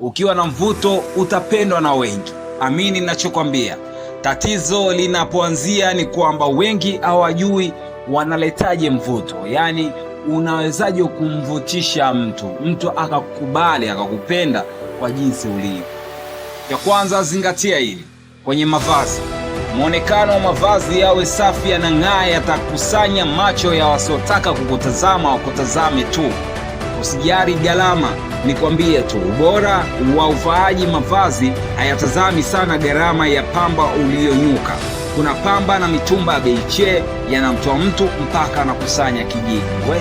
Ukiwa na mvuto utapendwa na wengi. Amini ninachokwambia. Tatizo linapoanzia ni kwamba wengi hawajui wanaletaje mvuto, yaani unawezaje kumvutisha mtu, mtu akakubali akakupenda kwa jinsi ulivyo. Cha kwanza, zingatia hili kwenye mavazi. Mwonekano wa mavazi yawe safi, yanang'aa, yatakusanya macho ya wasiotaka kukutazama wakutazame tu usijari gharama, kwambie tu, ubora wa uvaaji mavazi hayatazami sana gharama ya pamba uliyonyuka. Kuna pamba na mitumba ya beiche yanamtoa mtu mpaka anakusanya kijiji. We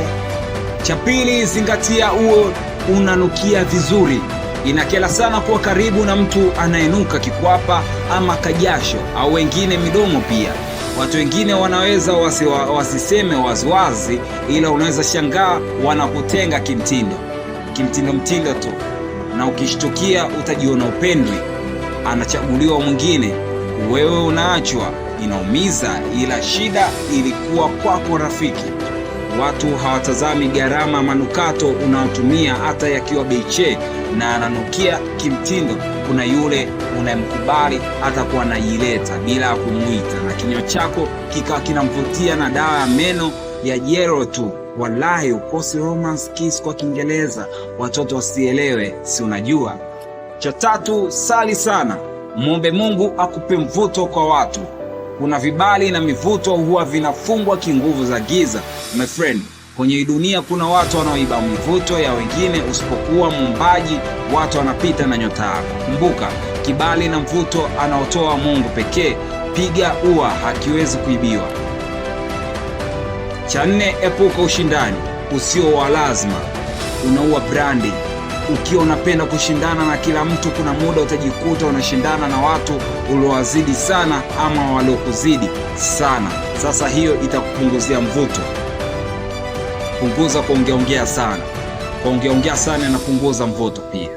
cha pili, zingatia huo unanukia vizuri. inakela sana kuwa karibu na mtu anayenuka kikwapa ama kajasho, au wengine midomo pia. Watu wengine wanaweza wasi, wasiseme waziwazi, ila unaweza shangaa wanakutenga kimtindo kimtindo mtindo tu, na ukishtukia utajiona upendwi, anachaguliwa mwingine, wewe unaachwa. Inaumiza, ila shida ilikuwa kwako rafiki. Watu hawatazami gharama manukato unaotumia hata yakiwa beiche na ananukia kimtindo kuna yule unayemkubali hata kuwa anajileta bila ya kumwita, na kinywa chako kikawa kinamvutia na dawa ya meno ya jero tu. Wallahi ukosi romance kiss kwa Kiingereza watoto wasielewe, si unajua. Cha tatu, sali sana, mwombe Mungu akupe mvuto kwa watu. Kuna vibali na mivuto huwa vinafungwa kinguvu za giza, my friend. Kwenye dunia kuna watu wanaoiba mivuto ya wengine. Usipokuwa muumbaji, watu wanapita na nyota yako. Kumbuka, kibali na mvuto anaotoa Mungu pekee. Piga ua, hakiwezi kuibiwa. Cha nne, epuka ushindani usio wa lazima. Unaua brandi ukiwa unapenda kushindana na kila mtu, kuna muda utajikuta unashindana na watu uliowazidi sana ama waliokuzidi sana. Sasa hiyo itakupunguzia mvuto punguza kuongeaongea sana. Kuongeaongea sana inapunguza mvuto pia.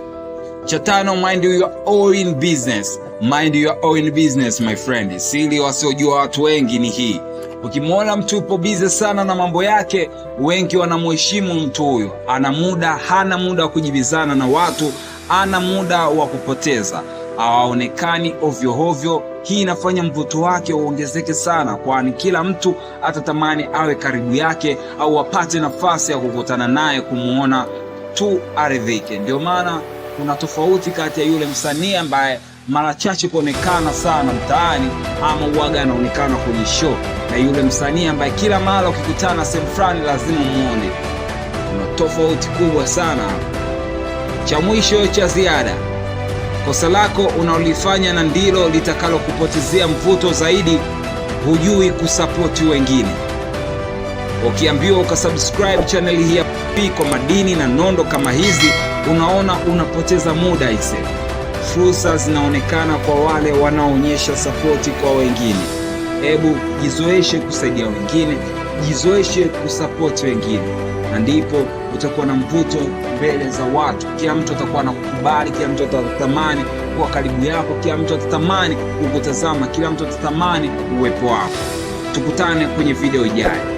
Cha tano, mind your own business. Mind your own business my friend. Siri wasiojua watu wengi ni hii. Ukimwona mtu yupo bize sana na mambo yake, wengi wanamheshimu mtu huyo. Ana muda, hana muda wa kujibizana na watu, ana muda wa kupoteza, hawaonekani ovyo ovyo hii inafanya mvuto wake uongezeke sana, kwani kila mtu atatamani awe karibu yake au apate nafasi ya kukutana naye, kumwona tu aridhike. Ndio maana kuna tofauti kati ya yule msanii ambaye mara chache kuonekana sana mtaani ama uwaga anaonekana kwenye show na yule msanii ambaye kila mara ukikutana sehemu fulani lazima umwone. Kuna tofauti kubwa sana. Cha mwisho cha ziada Kosa lako unaolifanya na ndilo litakalokupotezea mvuto zaidi. Hujui kusapoti wengine. Ukiambiwa ukasubscribe chaneli hii ya kwa madini na nondo kama hizi, unaona unapoteza muda ise. Fursa zinaonekana kwa wale wanaoonyesha sapoti kwa wengine. Hebu jizoeshe kusaidia wengine jizoeshe kusapoti wengine, na ndipo utakuwa na mvuto mbele za watu. Kila mtu atakuwa anakukubali, kila mtu atatamani kuwa karibu yako, kila mtu atatamani kukutazama, kila mtu atatamani uwepo wako. Tukutane kwenye video ijayo.